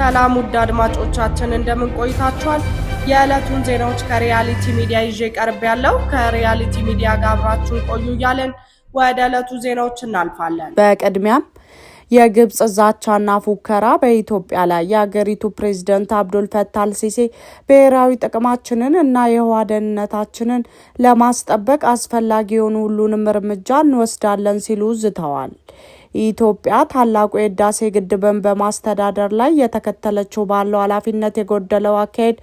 ሰላም ውድ አድማጮቻችን እንደምን ቆይታችኋል? የዕለቱን ዜናዎች ከሪያሊቲ ሚዲያ ይዤ ቀርብ ያለው ከሪያሊቲ ሚዲያ ጋር አብራችሁን ቆዩ እያለን ወደ ዕለቱ ዜናዎች እናልፋለን። በቅድሚያም የግብፅ ዛቻና ፉከራ በኢትዮጵያ ላይ የአገሪቱ ፕሬዝደንት አብዶል ፈታህ አልሲሲ ብሔራዊ ጥቅማችንን እና የህዋ ደህንነታችንን ለማስጠበቅ አስፈላጊ የሆኑ ሁሉንም እርምጃ እንወስዳለን ሲሉ ዝተዋል። ኢትዮጵያ ታላቁ የህዳሴ ግድብን በማስተዳደር ላይ የተከተለችው ባለው ኃላፊነት የጎደለው አካሄድ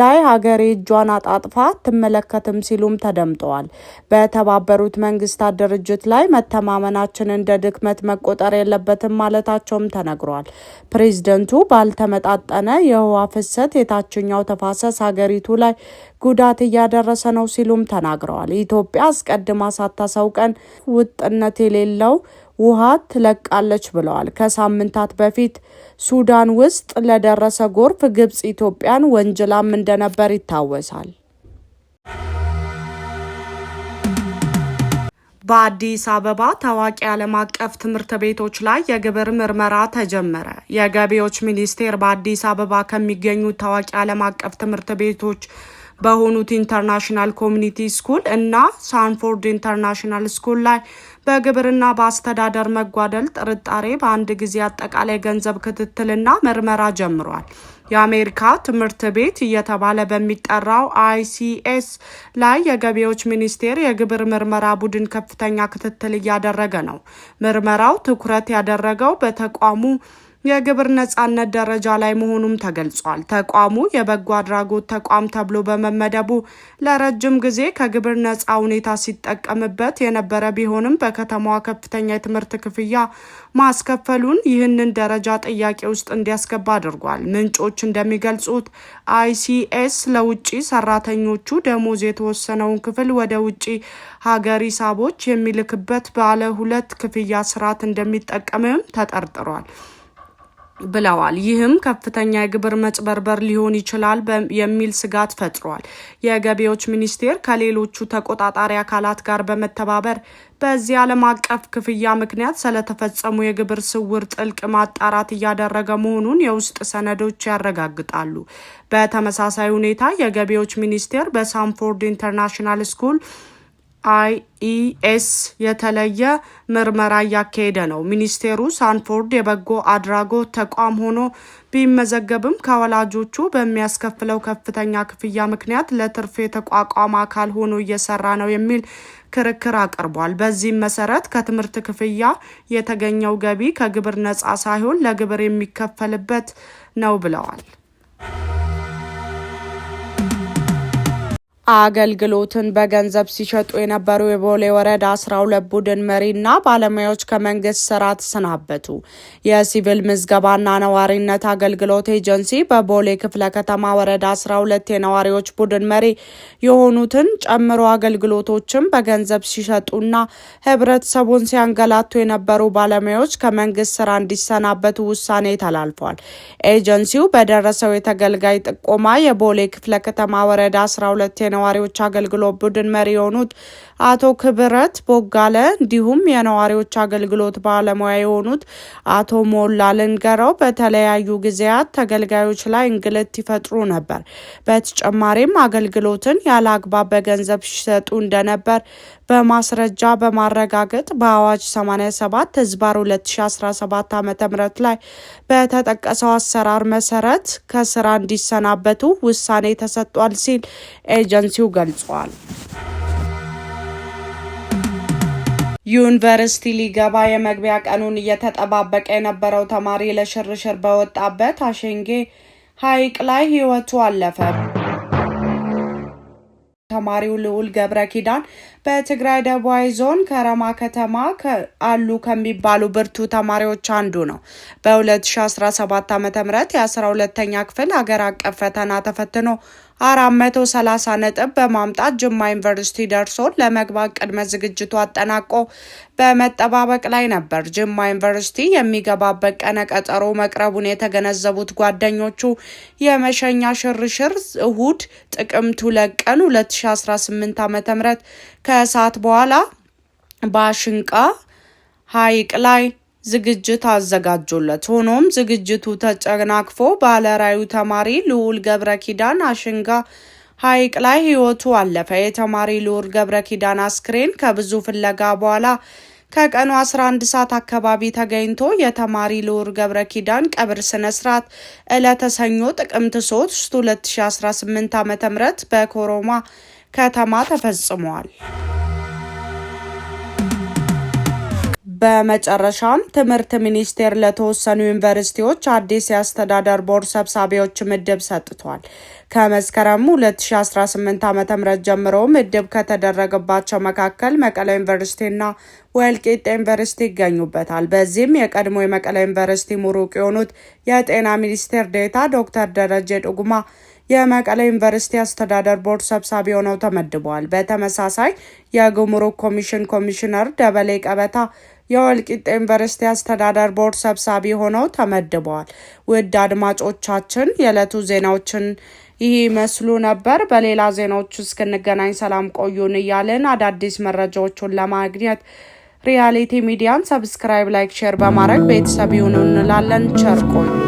ላይ ሀገሬ እጇን አጣጥፋ አትመለከትም ሲሉም ተደምጠዋል። በተባበሩት መንግስታት ድርጅት ላይ መተማመናችን እንደ ድክመት መቆጠር የለበትም ማለታቸውም ተነግሯል። ፕሬዝደንቱ ባልተመጣጠነ የውሃ ፍሰት የታችኛው ተፋሰስ ሀገሪቱ ላይ ጉዳት እያደረሰ ነው ሲሉም ተናግረዋል። ኢትዮጵያ አስቀድማ ሳታሳውቀን ውጥነት የሌለው ውሃ ትለቃለች ብለዋል። ከሳምንታት በፊት ሱዳን ውስጥ ለደረሰ ጎርፍ ግብጽ ኢትዮጵያን ወንጅላም እንደነበር ይታወሳል። በአዲስ አበባ ታዋቂ ዓለም አቀፍ ትምህርት ቤቶች ላይ የግብር ምርመራ ተጀመረ። የገቢዎች ሚኒስቴር በአዲስ አበባ ከሚገኙ ታዋቂ ዓለም አቀፍ ትምህርት ቤቶች በሆኑት ኢንተርናሽናል ኮሚኒቲ ስኩል እና ሳንፎርድ ኢንተርናሽናል ስኩል ላይ በግብርና በአስተዳደር መጓደል ጥርጣሬ በአንድ ጊዜ አጠቃላይ ገንዘብ ክትትልና ምርመራ ጀምሯል። የአሜሪካ ትምህርት ቤት እየተባለ በሚጠራው አይሲኤስ ላይ የገቢዎች ሚኒስቴር የግብር ምርመራ ቡድን ከፍተኛ ክትትል እያደረገ ነው። ምርመራው ትኩረት ያደረገው በተቋሙ የግብር ነጻነት ደረጃ ላይ መሆኑም ተገልጿል። ተቋሙ የበጎ አድራጎት ተቋም ተብሎ በመመደቡ ለረጅም ጊዜ ከግብር ነጻ ሁኔታ ሲጠቀምበት የነበረ ቢሆንም በከተማዋ ከፍተኛ የትምህርት ክፍያ ማስከፈሉን ይህንን ደረጃ ጥያቄ ውስጥ እንዲያስገባ አድርጓል። ምንጮች እንደሚገልጹት አይሲኤስ ለውጭ ሰራተኞቹ ደሞዝ የተወሰነውን ክፍል ወደ ውጭ ሀገር ሂሳቦች የሚልክበት ባለ ሁለት ክፍያ ስርዓት እንደሚጠቀምም ተጠርጥሯል። ብለዋል። ይህም ከፍተኛ የግብር መጭበርበር ሊሆን ይችላል የሚል ስጋት ፈጥሯል። የገቢዎች ሚኒስቴር ከሌሎቹ ተቆጣጣሪ አካላት ጋር በመተባበር በዚህ ዓለም አቀፍ ክፍያ ምክንያት ስለተፈጸሙ የግብር ስውር ጥልቅ ማጣራት እያደረገ መሆኑን የውስጥ ሰነዶች ያረጋግጣሉ። በተመሳሳይ ሁኔታ የገቢዎች ሚኒስቴር በሳንፎርድ ኢንተርናሽናል ስኩል አይኢኤስ የተለየ ምርመራ እያካሄደ ነው። ሚኒስቴሩ ሳንፎርድ የበጎ አድራጎት ተቋም ሆኖ ቢመዘገብም ከወላጆቹ በሚያስከፍለው ከፍተኛ ክፍያ ምክንያት ለትርፍ የተቋቋመ አካል ሆኖ እየሰራ ነው የሚል ክርክር አቅርቧል። በዚህም መሰረት ከትምህርት ክፍያ የተገኘው ገቢ ከግብር ነጻ ሳይሆን ለግብር የሚከፈልበት ነው ብለዋል። አገልግሎትን በገንዘብ ሲሸጡ የነበሩ የቦሌ ወረዳ አስራ ሁለት ቡድን መሪና ባለሙያዎች ከመንግስት ስራ ተሰናበቱ። የሲቪል ምዝገባና ነዋሪነት አገልግሎት ኤጀንሲ በቦሌ ክፍለ ከተማ ወረዳ አስራ ሁለት የነዋሪዎች ቡድን መሪ የሆኑትን ጨምሮ አገልግሎቶችን በገንዘብ ሲሸጡና ህብረተሰቡን ሲያንገላቱ የነበሩ ባለሙያዎች ከመንግስት ስራ እንዲሰናበቱ ውሳኔ ተላልፏል። ኤጀንሲው በደረሰው የተገልጋይ ጥቆማ የቦሌ ክፍለ ከተማ ወረዳ አስራ ሁለት የነዋሪዎች አገልግሎት ቡድን መሪ የሆኑት አቶ ክብረት ቦጋለ እንዲሁም የነዋሪዎች አገልግሎት ባለሙያ የሆኑት አቶ ሞላ ልንገረው በተለያዩ ጊዜያት ተገልጋዮች ላይ እንግልት ይፈጥሩ ነበር። በተጨማሪም አገልግሎትን ያለ አግባብ በገንዘብ ሲሰጡ እንደነበር በማስረጃ በማረጋገጥ በአዋጅ 87 ህዝባር 2017 ዓ ም ላይ በተጠቀሰው አሰራር መሰረት ከስራ እንዲሰናበቱ ውሳኔ ተሰጥቷል ሲል ኤጀን ኤጀንሲው ገልጿል። ዩኒቨርሲቲ ሊገባ የመግቢያ ቀኑን እየተጠባበቀ የነበረው ተማሪ ለሽርሽር በወጣበት አሸንጌ ሐይቅ ላይ ሕይወቱ አለፈ። ተማሪው ልዑል ገብረ ኪዳን በትግራይ ደቡባዊ ዞን ከረማ ከተማ አሉ ከሚባሉ ብርቱ ተማሪዎች አንዱ ነው። በ2017 ዓ ም የ 12 ተኛ ክፍል ሀገር አቀፍ ፈተና ተፈትኖ አራት ሰላሳ ነጥብ በማምጣት ጅማ ዩኒቨርሲቲ ደርሶ ለመግባት ቅድመ ዝግጅቱ አጠናቆ በመጠባበቅ ላይ ነበር። ጅማ ዩኒቨርሲቲ የሚገባበት ቀነ ቀጠሮ መቅረቡን የተገነዘቡት ጓደኞቹ የመሸኛ ሽርሽር እሁድ ጥቅምት ሁለት ቀን 2018 ዓ ም ከሰዓት በኋላ በአሽንቃ ሐይቅ ላይ ዝግጅት አዘጋጁለት። ሆኖም ዝግጅቱ ተጨናቅፎ ባለራዩ ተማሪ ልዑል ገብረ ኪዳን አሽንጋ ሐይቅ ላይ ህይወቱ አለፈ። የተማሪ ልዑል ገብረ ኪዳን አስክሬን ከብዙ ፍለጋ በኋላ ከቀኑ 11 ሰዓት አካባቢ ተገኝቶ የተማሪ ልዑል ገብረ ኪዳን ቀብር ስነ ስርዓት ዕለተ ሰኞ ጥቅምት 3 2018 ዓ ም በኮሮማ ከተማ ተፈጽሟል። በመጨረሻም ትምህርት ሚኒስቴር ለተወሰኑ ዩኒቨርሲቲዎች አዲስ የአስተዳደር ቦርድ ሰብሳቢዎች ምድብ ሰጥቷል። ከመስከረም 2018 ዓ ም ጀምሮ ምድብ ከተደረገባቸው መካከል መቀለ ዩኒቨርሲቲና ወልቂጤ ዩኒቨርሲቲ ይገኙበታል። በዚህም የቀድሞ የመቀለ ዩኒቨርሲቲ ምሩቅ የሆኑት የጤና ሚኒስቴር ዴታ ዶክተር ደረጀ ድጉማ የመቀለ ዩኒቨርሲቲ አስተዳደር ቦርድ ሰብሳቢ ሆነው ተመድበዋል። በተመሳሳይ የጉምሩክ ኮሚሽን ኮሚሽነር ደበሌ ቀበታ የወልቂጤ ዩኒቨርሲቲ አስተዳደር ቦርድ ሰብሳቢ ሆነው ተመድበዋል። ውድ አድማጮቻችን የዕለቱ ዜናዎችን ይህ ይመስሉ ነበር። በሌላ ዜናዎች እስክንገናኝ ሰላም ቆዩን እያልን አዳዲስ መረጃዎቹን ለማግኘት ሪያሊቲ ሚዲያን ሰብስክራይብ፣ ላይክ፣ ሼር በማድረግ ቤተሰብ ይሁኑ እንላለን። ቸር ቆዩ።